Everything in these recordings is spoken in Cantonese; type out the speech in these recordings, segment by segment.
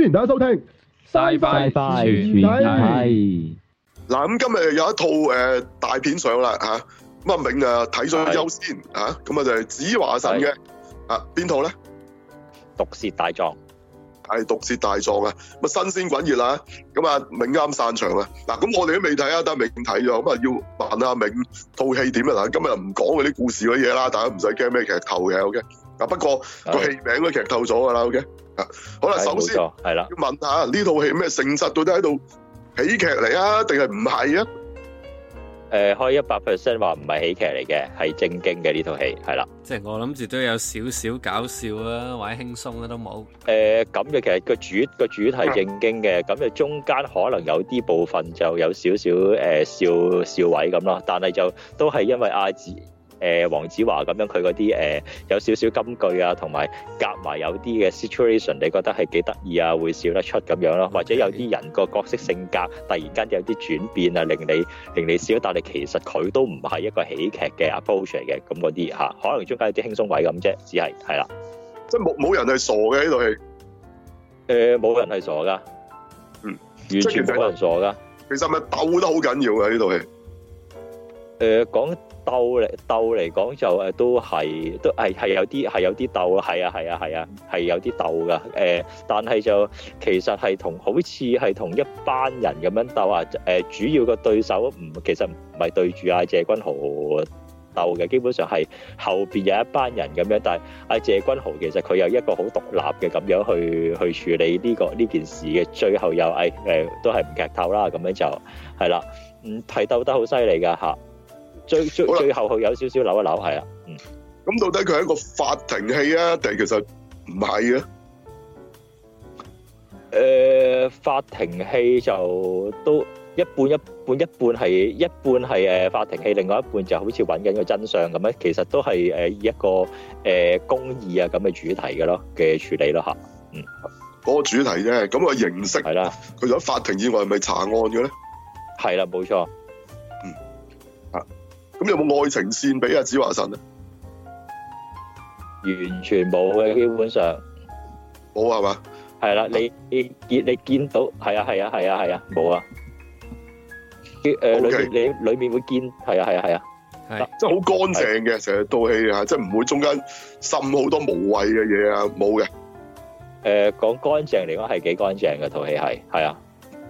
歡迎大家收聽，拜拜拜拜。嗱咁今日有一套誒大片上啦吓，咁阿銘啊睇咗優先吓，咁啊就係《子華神》嘅啊，邊套咧？毒《毒舌大狀》係《毒舌大狀》啊，咁啊新鮮滾熱啦，咁啊銘啱散場啦。嗱咁我哋都未睇啊，但係銘睇咗，咁啊要問阿銘套戲點啊嗱，今日唔講嗰啲故事嗰嘢啦，大家唔使驚咩劇透嘅，OK。啊不過個戲、oh. 名都劇透咗噶啦，OK。好啦，首先係啦，要問下呢套戲咩性質？到底喺度喜劇嚟啊，定係唔係啊？誒，開一百 percent 話唔係喜劇嚟嘅，係正經嘅呢套戲。係啦，即係我諗住都有少少搞笑吖，或者輕鬆啦都冇。誒，咁嘅其實個主個主題正經嘅，咁就中間可能有啲部分就有少少誒笑笑位咁咯，但係就都係因為阿 J。誒黃、呃、子華咁樣佢嗰啲誒有少少金句啊，同埋夾埋有啲嘅 situation，你覺得係幾得意啊，會笑得出咁樣咯，或者有啲人個角色性格突然間有啲轉變啊，令你令你笑，但係其實佢都唔係一個喜劇嘅 approach 嚟嘅，咁嗰啲嚇，可能中間有啲輕鬆位咁啫，只係係啦。即係冇冇人係傻嘅呢套戲。誒冇、呃、人係傻㗎，嗯，完全冇人傻㗎。其實咪鬥得好緊要嘅呢套戲。誒、呃、講。鬥嚟鬥嚟講就誒都係都係係有啲係有啲鬥咯係啊係啊係啊係有啲鬥噶，誒但係就其實係同好似係同一班人咁樣鬥啊，誒主要個對手唔，其實唔係對住阿謝君豪鬥嘅，基本上係後邊有一班人咁樣，但係阿謝君豪其實佢有一個好獨立嘅咁樣去去處理呢個呢件事嘅，最後又誒誒都係唔劇透啦咁樣就係啦。嗯，係鬥得好犀利噶吓。最最最後有少少扭一扭，係啊，嗯。咁到底佢係一個法庭戲啊，定係其實唔係啊？誒，法庭戲就都一半一半一半係一半係誒法庭戲，另外一半就好似揾緊個真相咁咧。其實都係誒以一個誒公義啊咁嘅主題嘅咯嘅處理咯吓，嗯。個主題啫，咁個形式係啦。佢喺法庭以外係咪查案嘅咧？係啦，冇錯。咁有冇愛情線俾阿子華神啊？完全冇嘅，基本上冇係嘛？係啦，你你見你見到，係啊，係啊，係啊，係啊，冇啊。裏 Okay. 面你裏面會見，係啊，係啊，係啊的，係，即係好乾淨嘅，成日套戲啊，即係唔會中間滲好多無謂嘅嘢啊，冇嘅。誒講、呃、乾淨嚟講係幾乾淨嘅套戲係，係啊，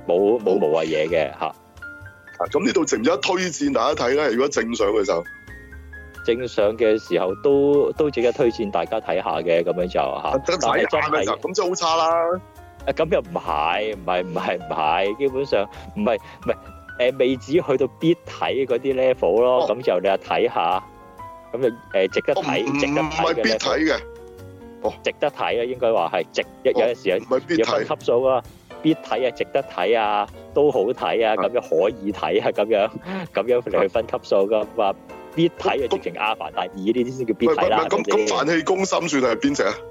冇冇無謂嘢嘅咁呢度值唔值得推薦大家睇咧？如果正常嘅就正常嘅時候都都值得推薦大家睇下嘅，咁樣就嚇。但係真係咁就好差啦！啊，咁又唔係，唔係，唔係，唔係，基本上唔係，唔係，誒未至去到必睇嗰啲 level 咯。咁就你呀睇下，咁就誒值得睇，值得睇嘅咧。哦，值得睇嘅應該話係值，一有有時有級數啊。必睇啊，值得睇啊，都好睇啊，咁、啊、樣可以睇啊，咁樣咁樣嚟去分級數噶話，必睇啊，直情阿凡達二呢啲先叫必睇啦。咁咁，凡氣是攻心算係邊隻啊？誒、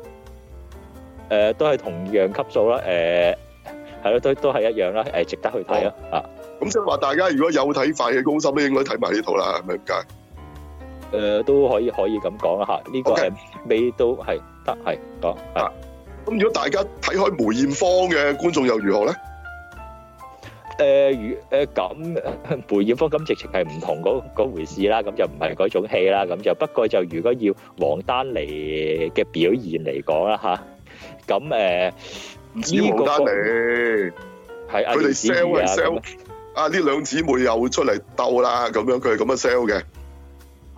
呃，都係同樣級數啦。誒，係咯，都都係一樣啦。誒，值得去睇、哦、啊。啊，咁即係話，大家如果有睇凡氣攻心，都應該睇埋呢套啦。係咪咁解？誒、呃，都可以，可以咁講一下。呢、這個係 Okay. 未都係得，係講。咁如果大家睇開梅艷芳嘅觀眾又如何咧？誒，如誒咁，梅艷芳咁直情係唔同嗰嗰回事啦，咁就唔係嗰種戲啦，咁就不過就如果要王丹妮嘅表現嚟講啦嚇，咁誒，唔似王丹妮，係佢哋 sell 係 sell，啊呢兩姊妹又會出嚟鬥啦，咁樣佢係咁樣 sell 嘅。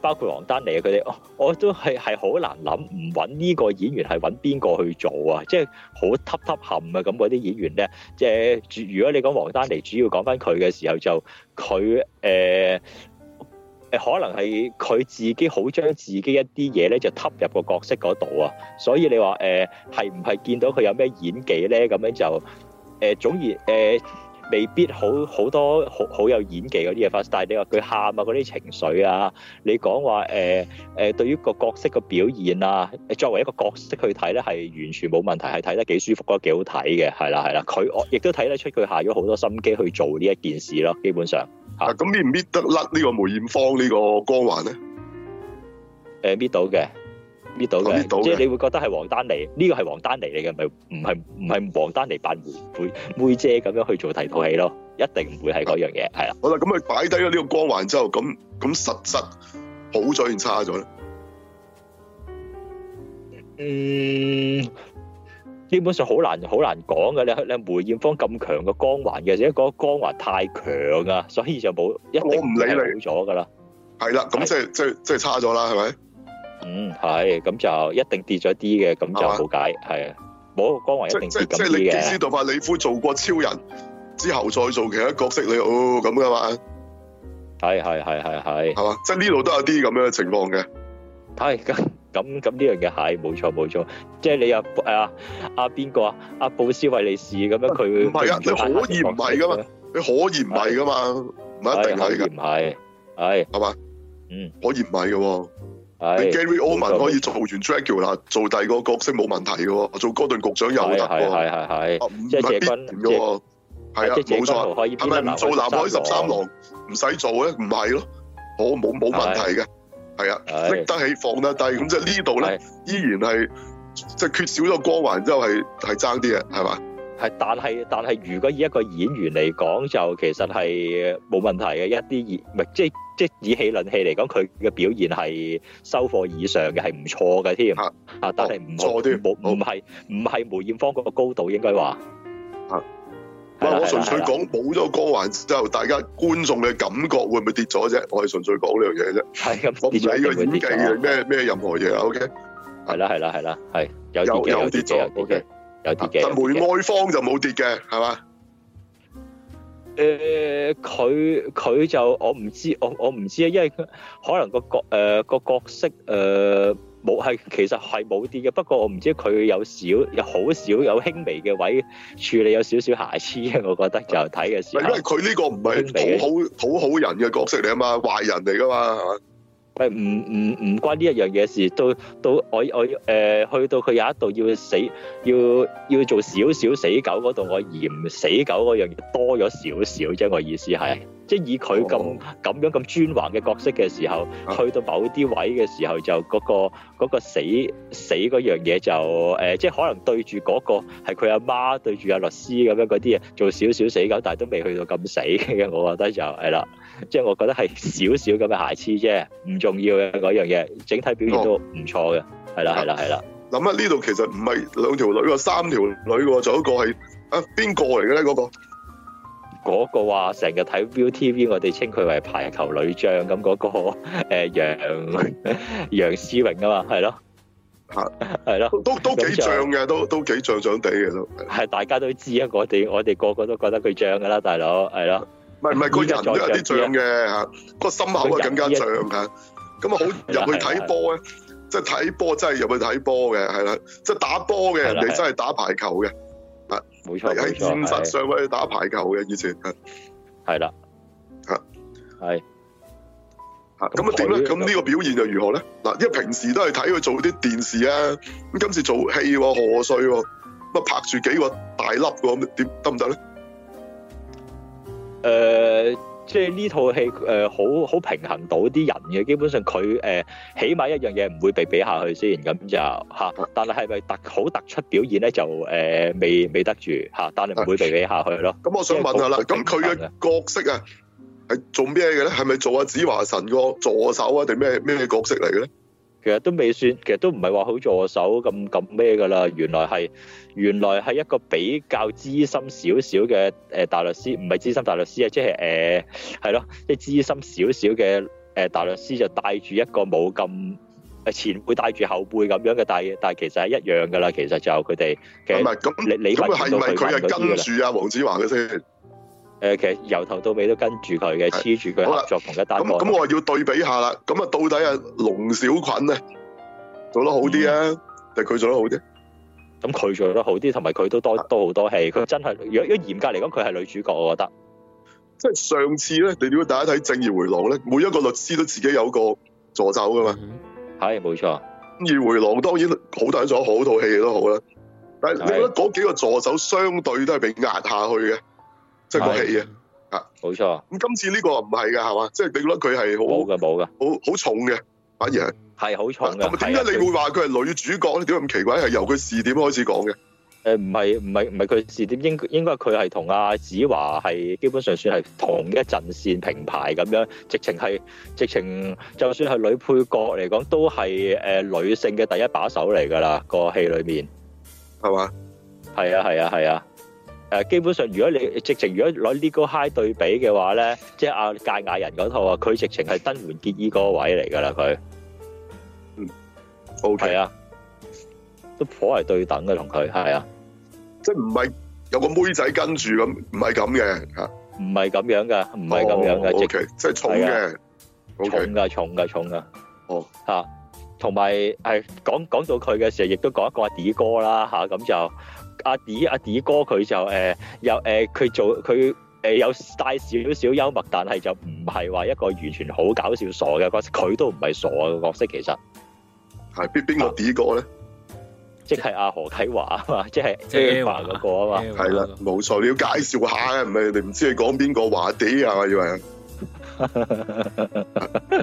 包括王丹妮啊，佢哋我我都係係好難諗，唔揾呢個演員係揾邊個去做啊，即係好揼揼冚啊，咁嗰啲演員咧，即係如果你講王丹妮，主要講翻佢嘅時候就佢誒誒，可能係佢自己好將自己一啲嘢咧就揼入個角色嗰度啊，所以你話誒係唔係見到佢有咩演技咧，咁樣就誒、呃，總而誒。呃未必好好多好好有演技嗰啲嘢發生，但係你話佢喊啊嗰啲情緒啊，你講話誒誒對於個角色嘅表現啊，作為一個角色去睇咧，係完全冇問題，係睇得幾舒服，覺得幾好睇嘅，係啦係啦，佢我亦都睇得出佢下咗好多心機去做呢一件事咯，基本上嚇。咁搣唔搣得甩呢個梅艷芳呢個光環咧？誒搣到嘅。搣即係你會覺得係王丹妮，呢個係王丹妮嚟嘅，咪唔係唔係王丹妮扮梅梅梅姐咁樣去做題套戲咯，一定唔會係嗰樣嘢，係啦。好啦，咁佢擺低咗呢個光環之後，咁咁實質好咗定差咗咧？嗯，基本上好難好難講嘅，你你梅艷芳咁強嘅光環嘅，而且嗰個光環太強啊，所以就冇一我唔理你冇咗噶啦，係啦，咁即係的即係即係差咗啦，係咪？嗯，係，咁就一定跌咗啲嘅，咁就冇解，係啊。冇個光環一定跌緊啲嘅。即即即你史蒂芬·李夫做過超人之後再做其他角色，你哦咁噶嘛？係係係係係，係嘛？即呢度都有啲咁樣嘅情況嘅。係咁咁咁呢樣嘅嘢，冇錯冇錯。即你阿阿阿邊個啊？阿布斯維利士咁樣佢唔係啊？你可以唔係噶嘛？你可以唔係噶嘛？唔係一定係噶。可以唔係？係係嘛？嗯，可以唔係嘅喎。Gary Oldman 可以做完 Dracula，做第二個角色冇問題嘅，做哥頓局長又得，係係係係，唔係係啊冇錯，係咪唔做南海十三郎唔使做咧？唔係咯，好冇冇問題嘅，係啊，拎得起放得低，咁即係呢度咧依然係即係缺少咗光環，之後係係爭啲嘅，係嘛？係，但係但係，如果以一個演員嚟講，就其實係冇問題嘅。一啲演唔係，即係即係以戲論戲嚟講，佢嘅表現係收貨以上嘅，係唔錯嘅添。啊，但係唔錯啲，冇冇係，唔係梅艷芳嗰個高度應該話啊。唔係我純粹講冇咗個光環之後，大家觀眾嘅感覺會唔會跌咗啫？我係純粹講呢樣嘢啫。係咁，我唔睇個演技嘅咩咩任何嘢。O K，係啦係啦係啦係，有有啲錯。O K。但、啊、梅愛芳就冇跌嘅，係嘛？誒、呃，佢佢就我唔知，我我唔知啊，因為可能個角誒、呃、個角色誒冇係，其實係冇跌嘅。不過我唔知佢有，有很少有好少有輕微嘅位處理有少少瑕疵，我覺得就睇嘅時候，因為佢呢個唔係討好討好人嘅角色嚟啊嘛，壞人嚟噶嘛，係嘛？唔唔唔關呢一樣嘢事，到到我我誒、呃、去到佢有一度要死，要要做少少死狗嗰度，我嫌死狗嗰樣嘢多咗少少啫。我意思係，即係以佢咁咁樣咁專橫嘅角色嘅時候，去到某啲位嘅時候就，就嗰、oh. 嗰個嗰個死死嗰樣嘢就誒、呃，即係可能對住嗰、嗰個係佢阿媽對住阿律師咁樣嗰啲嘢，做少少死狗，但係都未去到咁死嘅。我覺得就係啦。即係我覺得係少少咁嘅瑕疵啫，唔重要嘅嗰樣嘢，整體表現都唔錯嘅，係啦係啦係啦。諗下呢度其實唔係兩條女喎，三條女喎，仲有一個係啊邊個嚟嘅咧？嗰個嗰個話成日睇 ViuTV，我哋稱佢為排球女將咁，嗰個誒楊楊思榮啊嘛，係咯吓係咯，都都幾仗嘅，都都幾仗仗地嘅都係，大家都知啊。我哋我哋個個都覺得佢仗噶啦，大佬係咯。唔係唔係個人都有啲脹嘅嚇，個心口啊更加脹嚇，咁啊好入去睇波咧，即係睇波真係入去睇波嘅，係啦，即係打波嘅人哋真係打排球嘅，啊冇錯冇錯，喺現實上喎打排球嘅以前係係啦，係，係嚇咁啊點咧？咁呢個表現又如何咧？嗱，因為平時都係睇佢做啲電視啊，咁今次做戲喎，賀歲喎，咁拍住幾個大粒喎，咁點得唔得咧？誒、呃，即係呢套戲誒、呃，好好平衡到啲人嘅，基本上佢誒、呃，起碼一樣嘢唔會被比，比下去先，咁就、啊、但係係咪好突出表現咧？就誒、呃，未未得住吓、啊、但係唔會被比下去咯。咁我想問下啦，咁佢嘅角色啊，係做咩嘅咧？係咪做阿子華神個助手啊？定咩咩角色嚟嘅咧？其實都未算，其實都唔係話好助手咁咁咩噶啦。原來係原來係一個比較資深少少嘅誒大律師，唔係資深大律師啊，即係誒係咯，啲資深少少嘅誒大律師就帶住一個冇咁誒前輩帶住後輩咁樣嘅，但係但係其實係一樣噶啦。其實就佢哋，唔係咁，你你睇到佢係跟住啊黃子華嘅先。誒，其實由頭到尾都跟住佢嘅黐住佢合作同一單嘅，咁我係要對比一下啦。咁啊，到底阿龍小菌咧做得好啲啊，定佢，嗯、做得好啲？咁佢做得好啲，同埋佢都多是都多好多戲。佢真係，如果嚴格嚟講，佢係女主角，我覺得。即係上次咧，你點解大家睇《正義回廊》咧？每一個律師都自己有個助手噶嘛？係、嗯、冇錯。沒錯《正義回廊》當然多戲好，多戲好，但係所好，套戲都好啦。但係你覺得嗰幾個助手相對都係被壓下去嘅？即係個戲是啊，啊錯，冇錯。咁今次呢個唔係嘅係嘛？即、就、係、是、你覺得佢係好冇嘅，冇嘅，好好重嘅，反而係係好重嘅。咁點解你會話佢係女主角你點解咁奇怪？係由佢視點開始講嘅。誒、呃，唔係唔係唔係佢視點，應應該佢係同阿子華係基本上算係同一陣線、平排咁樣，直情係直情就算係女配角嚟講，都係誒、呃、女性嘅第一把手嚟噶啦個戲裏面，係嘛吧？係啊，係啊，係啊。誒基本上，如果你直情如果攞呢個 high 對比嘅話咧，即係阿界雅人嗰套啊，佢直情係登門結義嗰個位嚟㗎啦，佢嗯，OK 啊，都頗係對等嘅同佢，係啊，即係唔係有個妹仔跟住咁，唔係咁嘅嚇，唔係咁樣嘅，唔係咁樣嘅，OK，即係重嘅，OK，重嘅，重嘅，重嘅，哦嚇，同埋係講講到佢嘅時候，亦都講一個阿 D 哥啦嚇，咁就。阿迪，阿迪哥佢就誒又誒佢，呃、做佢誒，呃、有帶少少幽默，但係就唔係話一個完全好搞笑傻嘅角色，佢都唔係傻嘅角色，其實係邊邊個迪哥咧？即係阿何啟華啊嘛，即係即係華嗰個啊嘛，係啦，冇錯，你要介紹下嘅，唔係你唔知你講邊個華 D 啊嘛，我以為。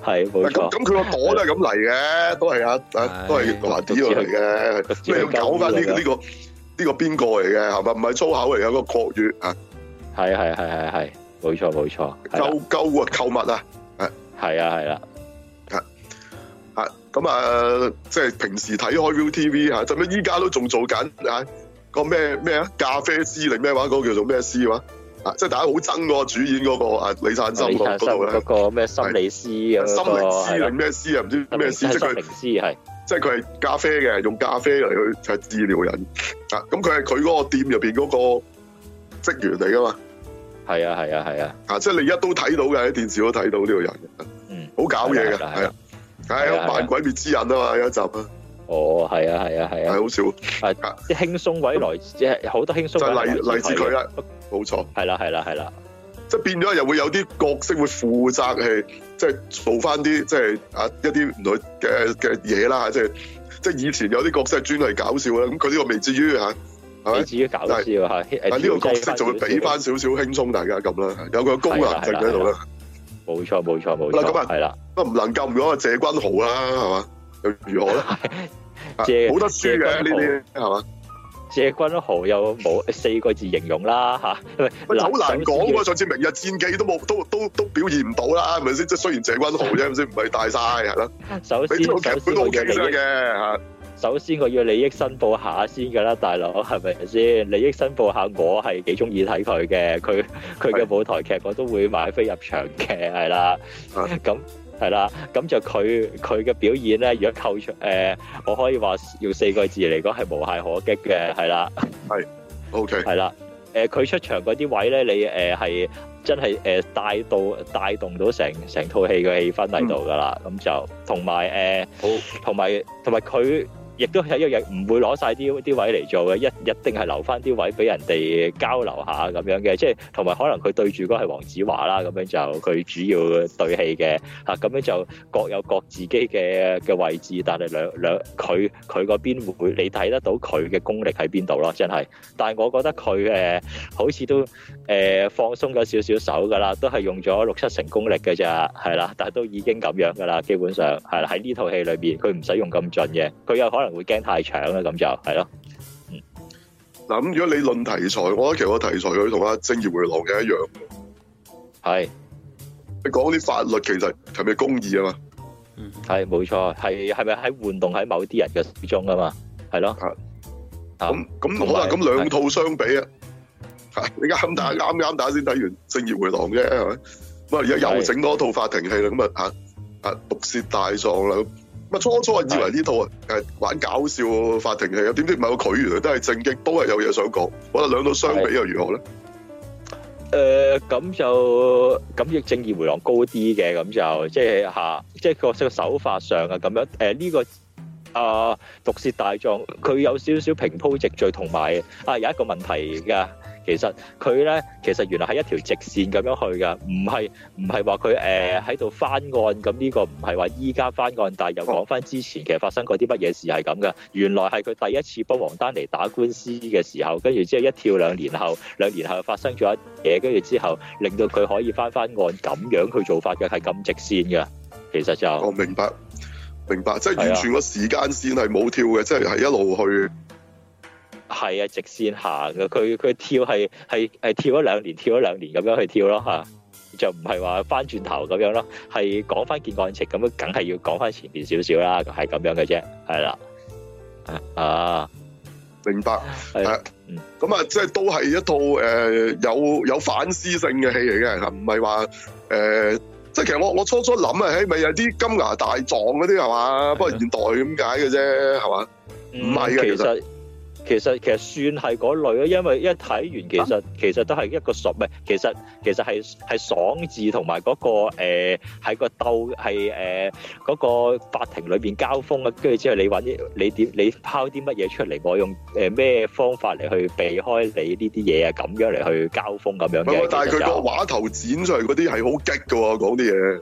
係冇錯，咁佢個袋都係咁嚟嘅，都係啊啊，的都係麻子嚟嘅。咩狗啊？呢個呢、這個呢、這個邊個嚟嘅？係咪唔係粗口嚟？嘅、那，個國語啊，係啊係係係係，冇錯冇錯，溝溝啊購的物啊，係啊係啦，吓吓咁啊，即係、啊就是、平時睇開 ViuTV 吓、啊，就咩？依家都仲做緊啊個咩咩啊咖啡師定咩話？嗰、那個叫做咩師話？即係大家好憎嗰個，主演嗰個啊李燦森嗰嗰嗰個咩心理師啊，心靈師定咩師啊？唔知咩師，即係靈師係，即係佢係咖啡嘅，用咖啡嚟去就係治療人啊！咁佢係佢嗰個店入邊嗰個職員嚟噶嘛？係啊係啊係啊！啊！即係你而家都睇到嘅喺電視都睇到呢個人，好搞嘢嘅係啊！係啊！扮鬼滅之刃啊嘛，有一集啊！哦，係啊係啊係啊！係好少啊！啲輕鬆位來，即係好多輕鬆就例例子佢啦。冇錯，係啦係啦係啦，即係變咗又會有啲角色會負責係，即係做翻啲即係啊一啲唔同嘅嘅嘢啦吓，即係即係以前有啲角色係專係搞笑啦，咁佢呢個未至於吓，未至於搞笑，但呢個角色就會俾翻少少輕鬆大家咁啦，有佢嘅功能性喺度啦。冇錯冇錯冇錯，嗱咁啊，係啦，咁唔能夠唔講阿謝君豪啦，係嘛，又如何咧？冇得輸嘅呢啲，係嘛。謝君豪又冇四個字形容啦吓，喂， 好難講啊！上次明日戰記都冇，都都都表現唔到啦，係咪先？即係雖然謝君豪啫，唔係 大晒，係咯。首先，劇本好首先我要利益，首先我要利益申報下先噶啦，大佬係咪先？利益申報下我看，我係幾中意睇佢嘅，佢佢嘅舞台劇，我都會買飛入場嘅，係啦，咁的。 係啦，咁就佢佢嘅表演咧，如果扣出、呃、我可以話用四個字嚟講係無懈可擊嘅，係啦。係，OK。 係、呃、啦，佢出場嗰啲位咧，你係、呃、真係誒、呃、帶到帶動到成成套戲嘅氣氛喺度噶啦，咁、嗯、就同埋、呃、好，同埋同埋佢。亦都係一樣，唔會攞曬啲啲位嚟做嘅，一一定係留翻啲位俾人哋交流下咁樣嘅，即係同埋可能佢對住嗰係黃子華啦，咁樣就佢主要對戲嘅嚇，咁樣就各有各自己嘅嘅位置，但係兩兩佢佢嗰邊會你睇得到佢嘅功力喺邊度咯，真係。但係我覺得佢誒好似都誒放鬆咗少少手㗎啦，都係用咗六七成功力嘅咋，係啦，但係都已經咁樣㗎啦，基本上係啦喺呢套戲裏邊，佢唔使用咁盡嘅，佢有可能。會驚太長啦，咁就係咯。嗯，嗱咁，如果你論題材，我覺得其實個題材佢同阿《正義回廊》嘅一樣，係是 你講啲法律，其實係咪公義啊嘛？嗯，係冇錯，係係咪喺換動喺某啲人嘅手中啊嘛？係咯，咁咁，可能咁兩套相比是 啊，你啱打啱啱打先睇完《正義回廊》啫，係咪？而家又又整多一套法庭戲啦，咁是 啊吓、啊、毒舌大狀啦。初初啊，以為呢套誒玩搞笑法庭戲，點知唔係，個佢原來都係正經，都係有嘢想講。我得兩度相比又如何咧？誒，咁、呃、就咁亦正義迴廊高啲嘅，咁就即係吓，即係角色嘅手法上這啊，咁樣誒呢個啊毒舌大狀，佢有少少平鋪直敍，同埋啊有一個問題㗎。其實佢咧，其實原來係一條直線咁樣去嘅，唔係唔係話佢誒喺度翻案咁，呢個唔係話依家翻案，但又講翻之前其實發生過啲乜嘢事係咁嘅。原來係佢第一次幫王丹妮打官司嘅時候，跟住之後一跳兩年後，兩年後又發生咗一嘢，跟住之後令到佢可以翻翻案，咁樣去做法嘅係咁直線嘅。其實就我明白，明白，即係完全個時間線係冇跳嘅，即係係一路去。係啊，直線行噶，佢佢跳係係係跳咗兩年，跳咗兩年咁樣去跳咯吓，就唔係話翻轉頭咁樣咯，係講翻件案情咁樣，梗係要講翻前面少少啦，係咁樣嘅啫，係啦，啊，這點點這啊啊明白係，嗯係，咁啊，即係都係一套誒、呃、有有反思性嘅戲嚟嘅，唔係話誒，即、呃、係、就是、其實我我初初諗啊，誒、欸、咪有啲金牙大狀嗰啲係嘛， 不過現代咁解嘅啫，係嘛，唔係嘅其實。其實其實算係嗰類咯，因為一睇完其實其實都係一個爽，唔係其實其實係係爽字同埋嗰個誒，喺個鬥係誒嗰個法庭裏邊交鋒啊，跟住之後你搵啲你點你拋啲乜嘢出嚟，我用誒咩方法嚟去避開你呢啲嘢啊，咁樣嚟去交鋒咁樣嘅。但係佢個話頭剪出嚟嗰啲係好激噶喎，講啲嘢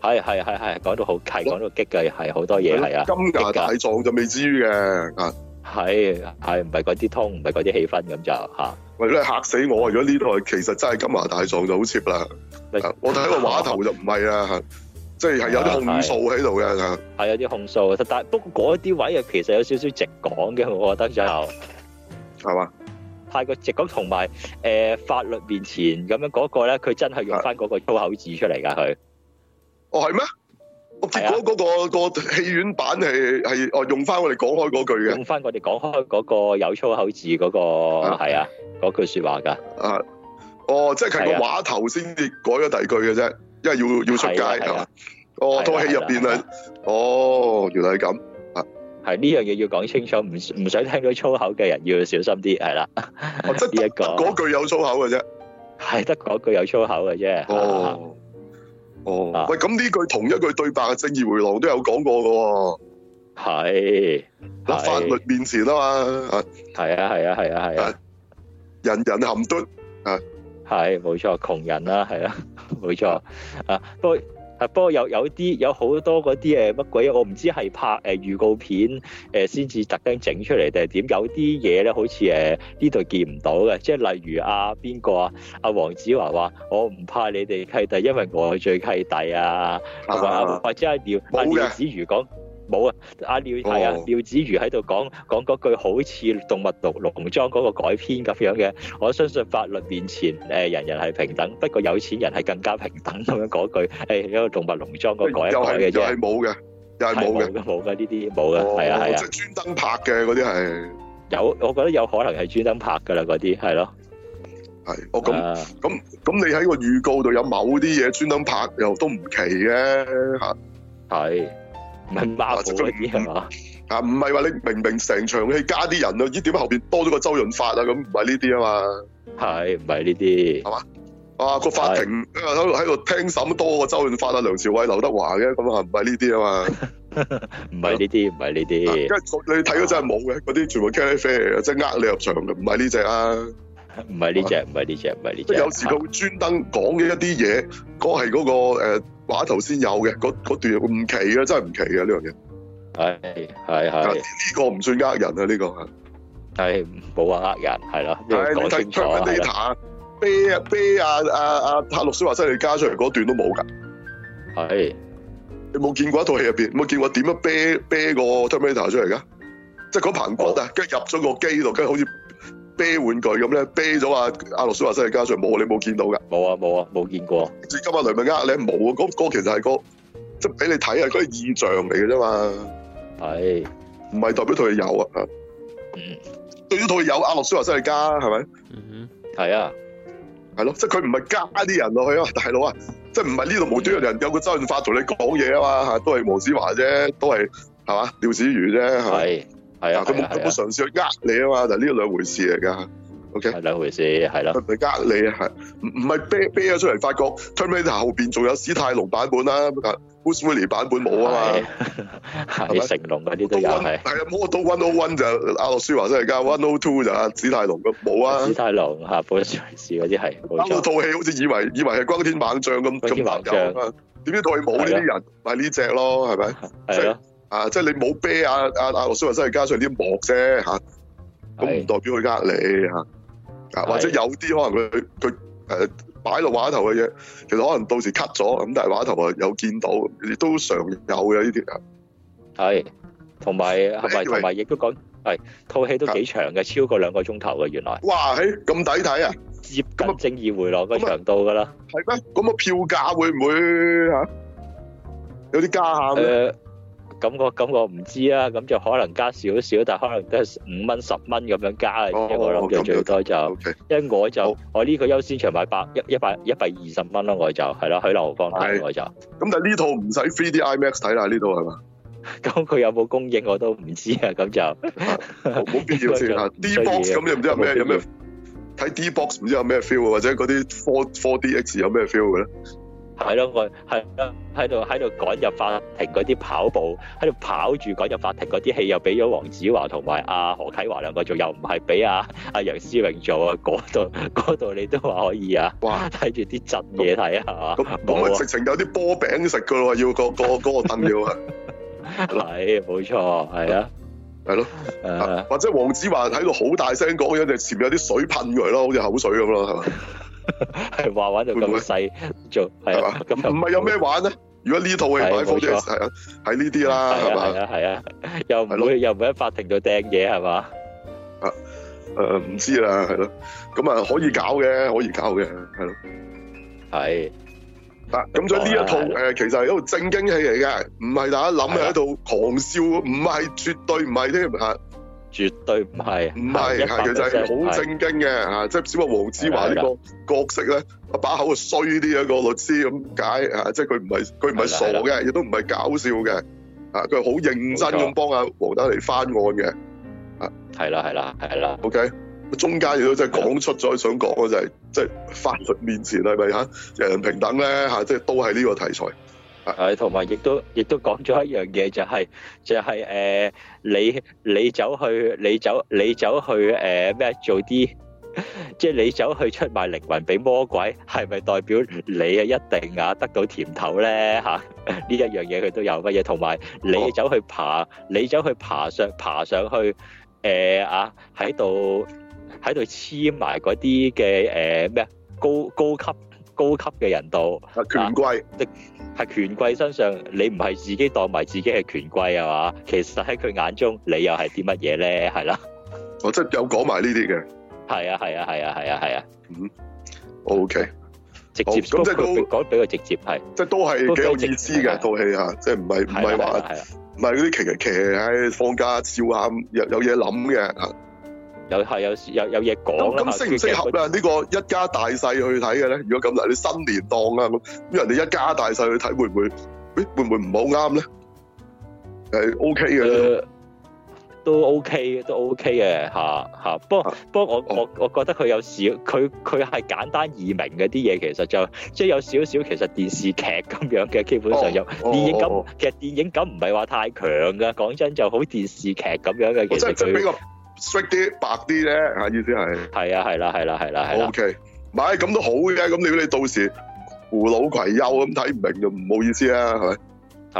係係係係講到好係，講到激嘅係好多嘢係啊，金牙大狀就未知嘅啊。係係唔係嗰啲，通唔係嗰啲氣氛咁就吓，如果你嚇死我，如果呢度其實真係金華大狀就好 cheap 啦，是我睇個話頭就唔係啦， 即係有啲控訴喺度嘅，係有啲控訴，但不過嗰啲位又其實有少少直講嘅，我覺得就係嘛太過直講，同埋誒法律面前咁樣嗰個咧，佢真係用翻嗰個粗口字出嚟噶佢，哦係咩？結果嗰個個戲院版係係哦用翻我哋講開嗰句嘅，用翻我哋講開嗰個有粗口字嗰個係啊，嗰句説話㗎啊哦，即係個話頭先至改咗第二句嘅啫，因為要要出街係哦，套戲入邊啊。哦，原來係咁啊，係呢樣嘢要講清楚，唔唔想聽到粗口嘅人要小心啲係啦。我真係講嗰句有粗口嘅啫，係得嗰句有粗口嘅啫。哦。哦，喂，咁呢句同一句對白嘅《正義回廊》都有講過嘅喎。係，喺法律面前啊嘛。係啊係啊係啊係啊，人人含奪啊。係冇錯，窮人啦係啦，冇錯啊。不過不過有有啲有好多嗰啲誒乜鬼嘢，我唔知係拍誒、呃、預告片誒先至特登整出嚟定係點？有啲嘢咧好似誒呢度見唔到嘅，即係例如阿邊個啊？阿黃、啊、子華話：我唔怕你哋契弟，因為我係最契弟啊！啊或者阿廖阿廖子妤講。冇啊！阿廖係啊，廖子瑜喺度講講嗰句好似《動物農莊》嗰個改編咁樣嘅。我相信法律面前誒人人係平等，不過有錢人係更加平等咁樣講句誒，一個《動物農莊》嗰改編嘅啫。又係又係冇嘅，又係冇嘅，冇噶呢啲冇噶，係啊係啊，即係專登拍嘅嗰啲係有，我覺得有可能係專登拍噶啦，嗰啲係咯，係哦咁咁咁，你喺個預告度有某啲嘢專登拍又都唔奇嘅，係。明爆咗嘢啊！啊，唔係話你明明成場戲加啲人咯，依點解後邊多咗個周潤發啊，咁唔係呢啲啊嘛。係唔係呢啲？係嘛？哇！個法庭喺度喺度聽審多個周潤發啊、梁朝偉、劉德華嘅，咁係唔係呢啲啊嘛？唔係呢啲，唔係呢啲。咁你睇到真係冇嘅，嗰啲全部茄喱啡嚟嘅，即係呃你入場嘅，唔係呢隻啊。唔係呢隻，唔係呢隻，唔係呢隻。唔係呢隻啊，有時佢會專登講一啲嘢，講係嗰個、呃話頭先有嘅，嗰段唔奇嘅，真係唔奇嘅呢樣嘢。係係係。呢個唔算呃人啊，呢、這個係。係冇話呃人，係咯，呢樣講清楚。係、erm 的，同 Terminator b 啊，a 啊，b 啊，啊，r 阿阿阿阿綠書話齋你加出嚟嗰段都冇噶。係的。你冇見過一套戲入邊，冇見過點樣啤啤個 Terminator 出嚟噶？即係講棚骨啊，跟住入咗個機度，跟住好似。杯玩具咁咧，杯咗話阿諾舒華辛力加上冇，你冇見到噶，冇啊冇啊冇見過。至今啊雷敏加，你冇、啊，咁、那個其實係個即係俾你睇下，嗰個現象嚟嘅啫嘛。係是，唔係代表同佢有啊。嗯。對於佢有阿諾舒華辛力加係咪？是嗯，係啊。係咯，即係佢唔係加啲人落去啊，大佬啊，即係唔係呢度冇端人，有個周潤發同你講嘢啊嘛，吓都係黃子華啫，都係係嘛廖子妤啫，係。係啊，佢冇佢冇嘗試去呃你啊嘛，嗱呢個兩回事嚟噶。O K。係兩回事，係咯。佢唔係呃你啊，唔唔係啤啤咗出嚟，發覺《Transformers》後邊仲有史泰龍版本啦，《Bruce Willis》版本冇啊嘛。成龍嗰啲都有？係啊，Model One o One 就阿諾舒華真係㗎，One o Two 就史泰龍冇啊。史泰龍嚇，保羅嗰啲係。套戲好似以為以為係轟天猛將咁咁難㗎，點知套戲冇呢啲人，咪呢隻咯，係咪？係啊，即係你冇啤阿阿阿羅素·霍斯，係加上啲幕啫嚇，咁、啊、唔是代表佢呃你嚇，啊、是或者有啲可能佢佢誒擺落畫頭嘅嘢，其實可能到時 cut 咗，咁但係畫頭啊有見到，亦都常有嘅呢啲。係，同埋係咪同埋亦都講係套戲都幾長嘅，啊、超過兩個鐘頭嘅原來。哇咁抵睇啊！接近正義回廊，嘅長度㗎啦。係咩？咁個票價會唔會嚇、啊、有啲家下咧？呃咁我咁我唔知啊，咁就可能加少少，但可能都係五蚊十蚊咁樣加啊。我諗嘅最多就，因為我就我呢個優先場買百一一百一百二十蚊咯，我就係啦，去樓房睇我就。咁但係呢套唔使 three D IMAX 睇啦，呢套係嘛？咁佢有冇供應我都唔知啊，咁就冇必要先啊。D box 咁你唔知有咩有咩睇 D box 唔知有咩 feel，或者嗰啲 four four D X 有咩 feel 嘅咧？係咯，我係啦，喺度喺度趕入法庭嗰啲跑步，喺度跑住趕入法庭嗰啲戲又俾咗黃子華同埋阿何啟華兩個做，又唔係俾阿阿楊思榮做啊。嗰度嗰度你都話可以啊？哇！睇住啲真嘢睇啊，係咁咁啊，我直情有啲波餅食噶咯，要、嗰個、嗰個嗰凳要啊。係 吧，冇錯，係啊，係咯，或者黃子華喺度好大聲講嘢，就、uh，前面有啲水噴出嚟咯，好似口水咁咯，係嘛？係話玩就咁細做係嘛？咁唔係有咩玩呢？如果呢套戲係買 Focus，係呢啲啦，係嘛？係啊，又唔會又唔會喺法庭度掟嘢係嘛？啊，誒唔知啦，係咯，咁啊可以搞嘅，可以搞嘅，係咯，係。嗱，咁所以呢一套誒，其實係一套正經戲嚟嘅，唔係大家諗喺度狂笑，唔係絕對唔係添吓。絕對唔係，唔係，係其實係好正經嘅嚇，即係只不過黃子華呢個角色咧，把口啊衰啲一個律師咁解嚇，即係佢唔係佢唔係傻嘅，亦都唔係搞笑嘅嚇，佢係好認真咁幫阿黃丹利翻案嘅嚇，係啦係啦，係啦，OK，中間亦都真係講出咗想講嘅就係即係法律面前係咪嚇人人平等咧嚇，即係都係呢個題材。係，同埋亦都亦都講咗一樣嘢，就係就係誒你你走去你走你走去誒咩做啲，即係你走去出賣靈魂俾魔鬼，係咪代表你啊一定啊得到甜頭咧嚇？呢一樣嘢佢都有乜嘢？同埋你走去爬，你走去爬上爬上去誒啊！喺度喺度黐埋嗰啲嘅誒咩高高級。高級嘅人道，係權貴，即係啊，即係權貴身上，你唔係自己當埋自己係權貴啊嘛？其實喺佢眼中，你又係啲乜嘢咧？係啦，我即係有講埋呢啲嘅，係啊，係啊，係啊，係啊，係啊，嗯，OK，直接咁即係佢講得比較直接係，即係都係幾有意思嘅套戲啊！即係唔係唔係話，唔係嗰啲騎騎喺放假笑下，有有嘢諗嘅。又係有有有嘢講咁適唔適合咧？呢個一家大細去睇嘅咧？如果咁啦，你新年檔啊咁，咁人哋一家大細去睇會唔會？誒會唔會唔好啱咧？誒 OK 嘅、嗯、都 OK 都 OK 嘅嚇嚇。不過不過我我我覺得佢有少佢佢係簡單易明嘅啲嘢，其實就即係、就是、有少少其實電視劇咁樣嘅，基本上有、啊啊、電影感。啊啊、其實電影感唔係話太強噶。講真就好電視劇咁樣嘅，其實佢。straight 啲白啲咧，嚇意思係。係啊，係啦，係啦，係啦，係。O K，唔係咁都好嘅，咁如果你到時胡老攏鬚咁睇唔明就唔好意思啦，係咪？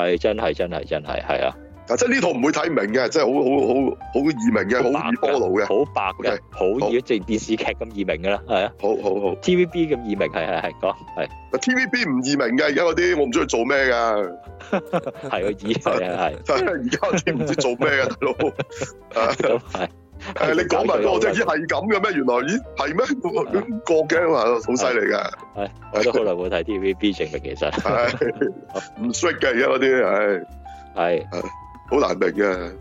係真係真係真係係啊！嗱，即係呢套唔會睇明嘅，即係好好好好易明嘅，好易波爐嘅，好白嘅，好易正電視劇咁易明嘅啦，係啊！好好好，T V B 咁易明係係係講係。T V B 唔易明嘅，而家嗰啲我唔鍾意做咩㗎。係個二係係。而家啲唔知做咩㗎大佬。係。誒、啊，你講埋個，即係係咁嘅咩？原來咦係咩？個 game 啊，好犀利嘅。係我都好耐冇睇 TVB 證明其實係唔識嘅而家嗰啲，係係好難明嘅，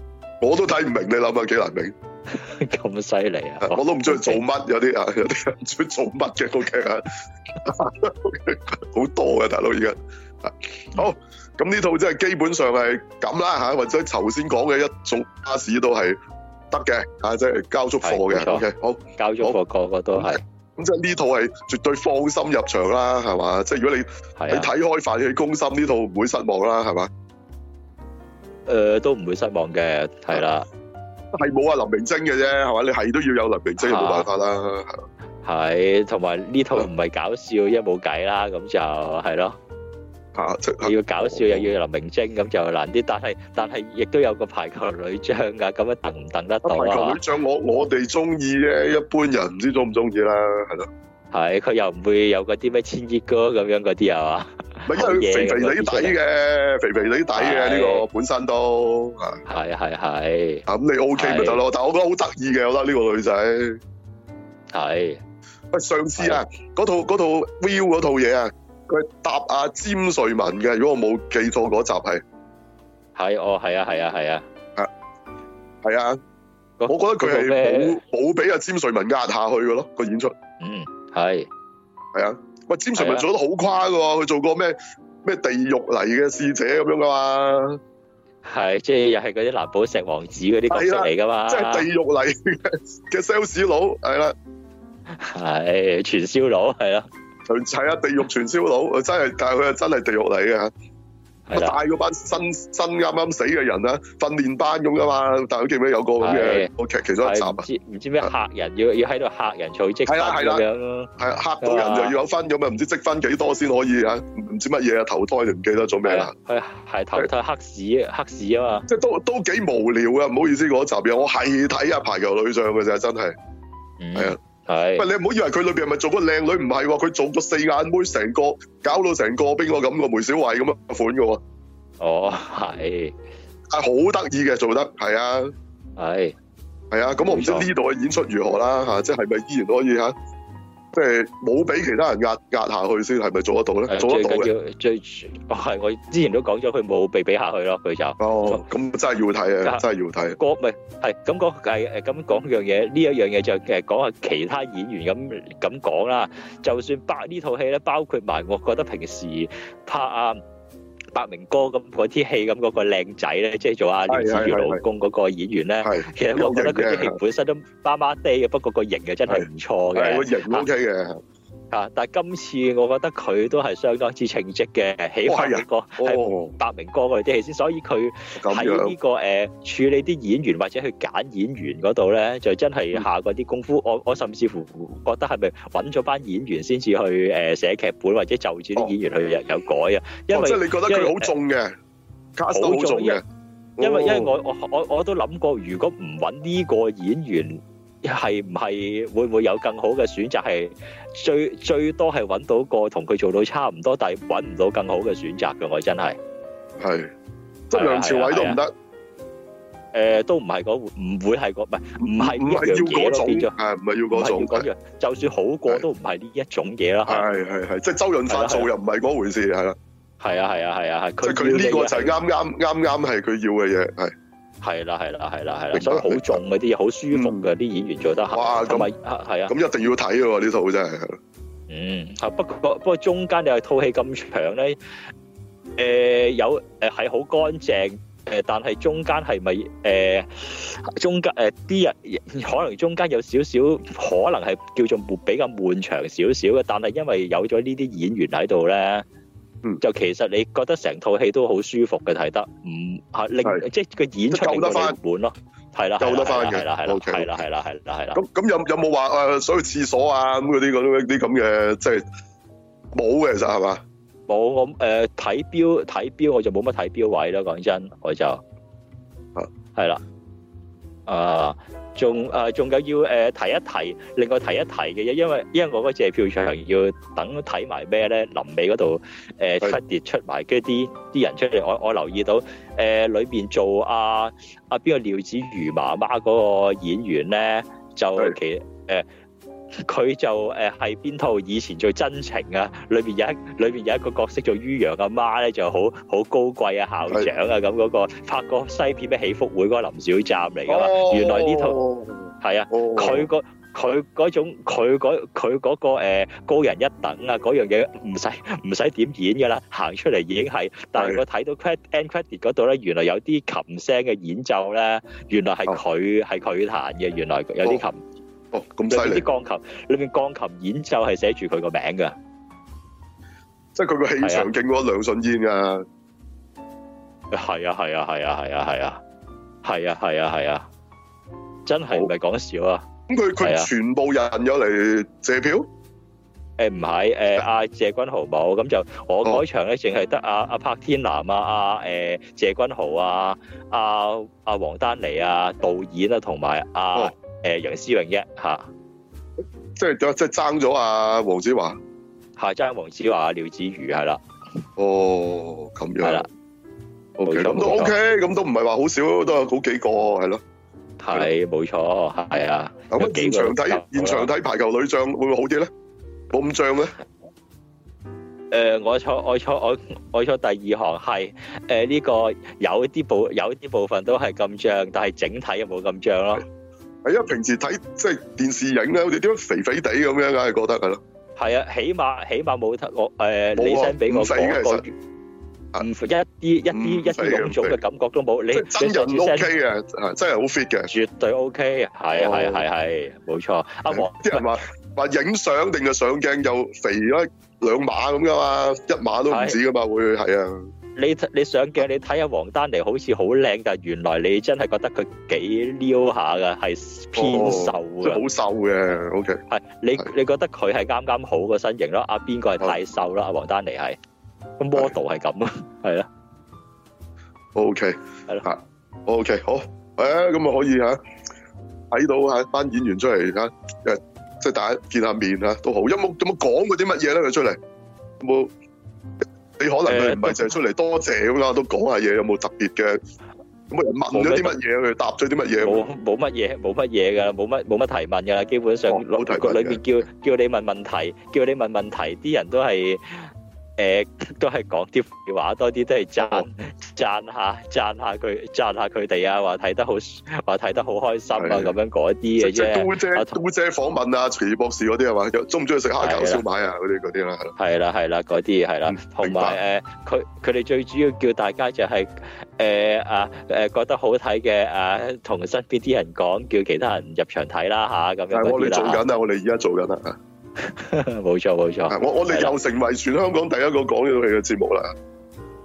我都睇唔明白。 你諗下幾難明，咁犀利啊！我都唔知佢做乜，Okay. 有啲啊，有啲人唔知做乜嘅個劇啊，好多嘅大佬而家好咁呢套真係基本上係咁啦吓，或者頭先講嘅一種巴士都係。得嘅，啊，即係交足貨嘅，OK，好，交足貨，個好個都係，咁即係呢套係絕對放心入場啦，係嘛？即係如果你、啊、你睇開翻，你公心呢套唔會失望啦，係嘛？誒、呃，都唔會失望嘅，係啦、啊，係冇啊是林明晶嘅啫，係嘛？你係都要有林明晶，冇辦法啦，係、啊，同埋呢套唔係搞笑的，因為冇計啦，咁就係咯。是啊吓，要搞笑又要留名精，咁就難啲。但係但係，亦都有個排球女將噶，咁樣等唔等得到啊？女將我我哋中意嘅一般人唔知中唔中意啦，係咯。係佢又唔會有嗰啲咩千葉歌咁樣嗰啲啊？唔係，因為肥肥仔抵嘅，咁樣肥肥仔抵嘅呢個本身都係係係。咁、嗯、你 O K 咪得咯？的但係我覺得好得意嘅，我覺得呢個女仔係喂上次啊，嗰套嗰套 view 嗰套嘢啊。佢答阿、啊、詹瑞文嘅，如果我冇記錯嗰集係，係哦，係啊，係啊，係啊，啊，係啊，我、啊、我覺得佢係冇冇俾阿詹瑞文壓下去嘅咯，個演出，嗯，係，係啊，喂，詹瑞文做得好誇噶，佢、啊、做過咩咩地獄嚟嘅使者咁樣噶嘛，係、啊，即係又係嗰啲藍寶石王子嗰啲角色嚟噶嘛，即係、啊就是、地獄嚟嘅嘅 sales 佬，係、啊、啦，係傳銷佬，係啦、啊。係啊，地獄傳銷佬，真係，但係佢又真係地獄嚟嘅。帶嗰班新新啱啱死嘅人啊，訓練班咁噶嘛。但係佢記唔記得有個咁嘅，OK，其中一集啊，唔知唔知咩嚇人，要要喺度嚇人取積分咁樣。係嚇到人又要有分咁啊？唔知積分幾多先可以啊？唔知乜嘢啊？投胎定唔記得咗咩啦？係係投胎黑市，啊，黑市啊嘛。即係都都幾無聊啊。唔好意思，嗰集我係睇啊排球女將嘅就真係，係啊。喂，是你唔好以為佢裏邊係咪做個靚女，唔係喎，佢做個四眼妹，成個搞到成個，邊個咁個梅小惠咁樣的款嘅喎。哦，係，係好得意嘅做得，係啊，係是，係啊，咁我唔知呢度嘅演出如何啦吓，即係咪依然可以吓？即係冇俾其他人壓壓下去先，係咪做得到咧？做得到最，最，係、哦、我之前都講咗，佢冇被比下去咯，佢就。哦，咁真係要睇啊！真係要睇。講咪係咁講一誒咁樣嘢呢一樣嘢就誒講下其他演員咁咁講啦。就算拍呢套戲咧，包括埋我覺得平時拍啊。白明哥咁嗰啲戲，咁嗰個靚仔咧，即係做阿廖子妤老公嗰個演員咧，其實我覺得佢啲戲本身都麻麻地嘅，的不過個型又真係唔錯嘅，型 OK 嘅。啊！但係今次我覺得佢都係相當之稱職嘅，起碼呢個係百鳴哥嗰啲戲先，所以佢喺呢個誒處理啲演員或者去揀演員嗰度咧，就真係下過啲功夫。我我甚至乎覺得係咪揾咗班演員先至去誒寫劇本，或者就住啲演員去有改啊？因為因為你覺得佢好重嘅，好重嘅，因為因為我我我我都諗過，如果唔揾呢個演員。係唔係會唔會有更好嘅選擇？係最最多係揾到個同佢做到差唔多，但係揾唔到更好嘅選擇嘅，我真係係，即係梁朝偉都唔得。誒，都唔係嗰，唔會係嗰，唔係唔係要嗰種，唔係要種，就算好過都唔係呢一種嘢啦。係係係，即係周潤發做又唔係嗰回事，係啦。係啊係啊係啊係，佢佢呢個就係啱啱啱啱係佢要嘅嘢係。係啦，係啦，係啦，係啦，明白，所以好重嗰啲嘢，明白好舒服嘅啲、嗯、演員做得好，咁啊，係啊，咁一定要睇嘅喎呢套真係。嗯，不過不過中間你話套戲咁長咧，誒、呃、有誒係好乾淨，誒但係中間係咪誒中間誒啲人可能中間有少少可能係叫做比較悶長少少嘅，但係因為有咗呢啲演員喺度咧。就其實你覺得成套戲都好舒服嘅睇得不，唔係令是即係個演出嚟得滿咯，係啦，得翻嘅，係啦，係啦，係 okay. 啦，係啦，係啦，係啦。咁咁 okay. 有有冇話誒，所、呃、有廁所啊咁嗰啲啲咁嘅即係冇嘅，其實係嘛？冇我誒睇錶睇錶，我就冇乜睇錶位啦。講真，我就係係、啊、啦。啊，仲啊仲有要誒、呃、提一提，另外提一提嘅，因為，因為我嗰次係票場要等睇埋咩咧，臨尾嗰度誒七碟出埋，跟啲啲人出嚟，我我留意到誒、呃、裏邊做阿阿邊個廖子瑜媽媽嗰個演員咧，就對 其誒。呃佢就誒係邊套以前《最真情》啊，裏邊有一裏邊有一個角色做于洋阿媽咧，就好好高貴啊，校長啊咁嗰個，拍過西片咩《喜福會》嗰個林小湛嚟噶嘛？原來呢套係啊，佢個佢嗰種佢嗰佢嗰個誒高人一等啊，嗰樣嘢唔使唔使點演噶啦，行出嚟已經係。但係我睇到 credit end credit 嗰度咧，原來有啲琴聲嘅演奏咧，原來係佢係佢彈嘅，原來有啲琴。咁犀利，啲鋼琴裏面，鋼琴演奏係寫住佢個名噶、啊，即係佢個氣場勁過梁信燕噶，係啊係啊係啊係啊係啊係啊係啊，啊，真係唔係講笑啊！咁佢佢全部人咗嚟借票？誒唔係誒，阿謝君豪冇咁就我嗰場咧，淨係得阿阿柏天南啊、阿、啊、誒、啊、謝君豪啊、阿阿王丹妮啊，啊、導演啊，同埋阿。哦誒，楊思榮一吓，是即係咁，即係爭咗啊！黃子華係爭黃子華，廖子瑜係啦。哦，咁樣係啦。咁都 OK，咁都唔係話好少，都有好幾個係咯。係冇錯，係啊的。咁的，現場睇現場睇排球女將會唔會好啲咧？冇咁脹咧？誒、呃，我坐，我坐，我我坐。第二行係誒呢個有啲部有啲部分都係咁脹，但係整體又冇咁脹咯。係啊，平時睇即係電視影咧，好似點樣肥肥地咁樣，梗係覺得噶啦。係啊，起碼起碼冇得我誒，你想俾我肥個唔一啲一啲一啲臃腫嘅感覺都冇。你真人 O K 嘅，真係好 fit 嘅，絕對 O K。係啊，係啊，係啊，冇錯。阿黃啲人話話影相定係上鏡又肥咗兩碼咁噶嘛，一碼都唔止噶嘛，會係啊。你你上鏡，你睇下王丹妮好似好靚，但係原來你真係覺得佢幾撩下噶，係偏瘦啊，即係好瘦嘅。O K，係你你覺得佢係啱啱好個身形咯？阿邊個係太瘦啦？阿王丹妮係，個 model 係咁啊，係啊。O K，係咯。O K，好。誒，咁啊可以嚇睇到嚇班演員出嚟啊，而家即係大家見下面嚇都好。有冇有冇講過啲乜嘢咧？佢出嚟冇。你可能佢唔係淨係出嚟多謝咁啦，都講下嘢，有冇特別嘅？咁啊問咗啲乜嘢，佢答咗啲乜嘢？冇冇乜嘢，冇乜嘢㗎，冇乜冇乜提問㗎，基本上，裏面叫叫你問問題，叫你問問題，啲人都係誒，都係講啲話，多啲都係爭。讚下，讚下佢，讚下佢哋啊！話睇得好，話睇得好開心啊！咁樣嗰啲嘅啫，杜姐訪問啊，徐博士嗰啲係嘛？中唔中意食蝦餃燒賣啊？嗰啲嗰啲啦，係啦，係啦，嗰啲係啦，同埋誒，佢佢哋最主要叫大家就係誒啊誒，覺得好睇嘅誒，同身邊啲人講，叫其他人入場睇啦吓，咁樣。但係我哋做緊啊，我哋而家做緊啊，冇錯冇錯，我我哋又成為全香港第一個講咗佢嘅節目啦。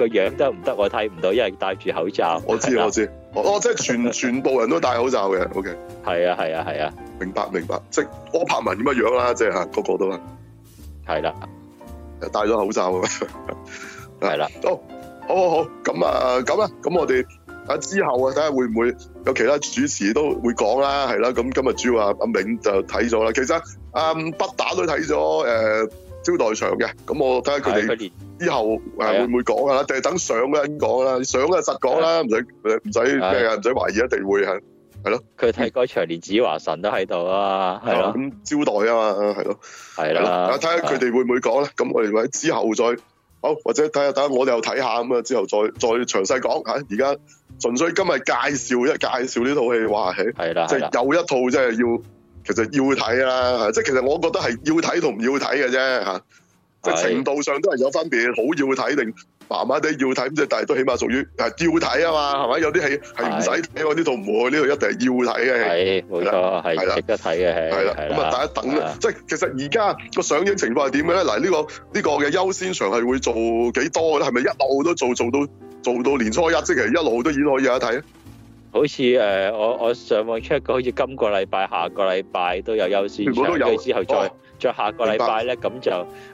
個樣得唔得？我睇唔到，因為戴住口罩。我知是的 我知，我、哦、即係全 全部人都戴口罩嘅。OK，係啊係啊係啊，明白明白，即係柯柏文咁嘅樣啦，即係吓個個都係啦，的戴咗口罩啊，係 啦的、哦，好好好好，咁啊咁啊，咁我哋啊之後啊，睇下會唔會有其他主持都會講啦，係啦，咁今日主要阿阿銘就睇咗啦，其實阿不、啊、打都睇咗誒。啊招待場嘅，咁我睇下佢哋之後誒會唔會講啊？定係等上啦先講啦，上啦實講啦，唔使唔使咩啊？唔使懷疑一定會係係咯。佢睇過場，連子華神都喺度啊，係咯，咁招待啊嘛，係咯，係啦。睇下佢哋會唔會講咧？咁我哋喺之後再好，或者睇下等我哋又睇下咁啊，之後再再詳細講嚇。而家純粹今日介紹一介紹呢套戲，哇！係，即係有一套即係要。其實要睇啊，即係其實我覺得係要睇同唔要睇嘅啫吓，即係程度上都係有分別，好要睇定麻麻地要睇咁啫，但係都起碼屬於係要睇啊嘛，係咪？有啲戲係唔使睇，我呢套唔會，呢套一定係要睇嘅，係，冇錯，係值得睇嘅，係，係啦，咁啊，大家等啦。即係其實而家個上映情況係點嘅咧？嗱，呢個呢個嘅優先場係會做幾多咧？係咪一路都做做到做到年初一即其實一路都已經可以有得睇咧？好似誒，我我上網 check 過，好似今個禮拜、下個禮拜都有優先場，跟住之後再再下個禮拜咧，咁就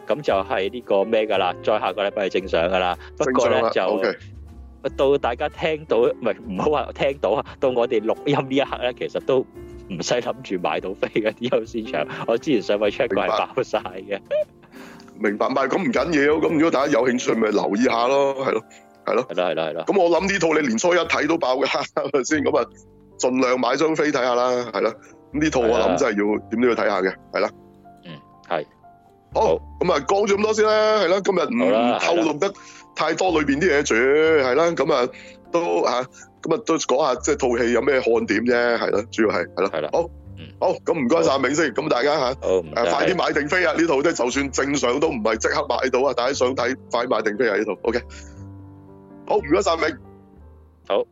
咁就係呢個咩㗎啦？再下個禮拜係正常㗎啦。正常啦。不過咧就到大家聽到唔係唔好話聽到啊，到我哋錄音呢一刻咧，其實都唔使諗住買到飛嘅啲優先場。我之前上網 check 過係爆曬嘅。明白，明白。咁唔緊要。咁如果大家有興趣，咪留意下咯，係咯。係咯，係啦，係啦，係啦。咁我諗呢套你年初一睇都爆嘅，係咪先？咁啊，盡量買張飛睇下啦，係啦。咁呢套我諗真係要點都要睇下嘅，係啦。嗯，係。好，咁啊，講咗咁多先啦，係啦，今日唔透露得太多裏邊啲嘢住，係啦，咁啊都吓，咁啊都講下即係套戲有咩看點啫，係咯，主要係，係咯。係啦，好，好，咁唔該晒阿銘先，咁大家吓，誒，快啲買定飛啊！呢套即係就算正常都唔係即刻買到啊，大家想睇快啲買定飛啊！呢套，OK。好，唔該曬，明，好。